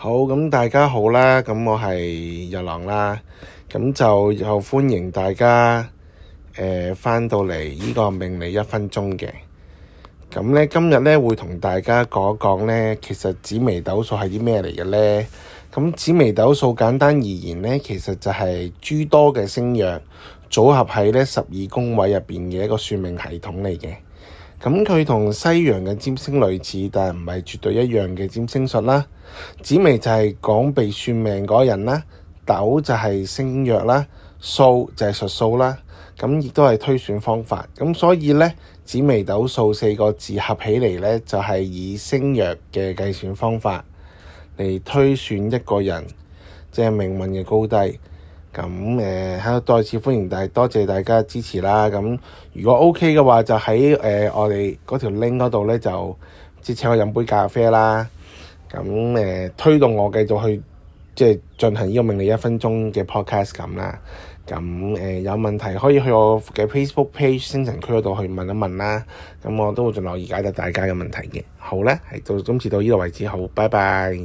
好，咁大家好啦，咁我係日朗啦，咁就又歡迎大家，誒、呃，返到嚟呢、這個命理一分鐘嘅，咁咧今日咧會同大家講一講咧，其實紫微斗數係啲咩嚟嘅咧？咁紫微斗數簡單而言咧，其實就係諸多嘅星曜組合喺咧十二宮位入邊嘅一個算命系統嚟嘅。咁佢同西洋嘅占星類似，但係唔係絕對一樣嘅占星術啦。紫微就係講被算命嗰人啦，斗就係星約啦，數就係術數啦。咁亦都係推算方法。咁所以咧，紫微斗數四個字合起嚟咧，就係、是、以星約嘅計算方法嚟推算一個人即係、就是、命運嘅高低。咁誒喺度再次歡迎大，多謝大家支持啦。咁如果 OK 嘅話，就喺誒、呃、我哋嗰條 link 嗰度咧，就即請我飲杯咖啡啦。咁誒、呃、推動我繼續去即係進行呢個命理一分鐘嘅 podcast 咁啦。咁誒、呃、有問題可以去我嘅 Facebook page 星辰區嗰度去問一問啦。咁我都會盡量樂意解答大家嘅問題嘅。好咧，係到今次到呢度為止。好，拜拜。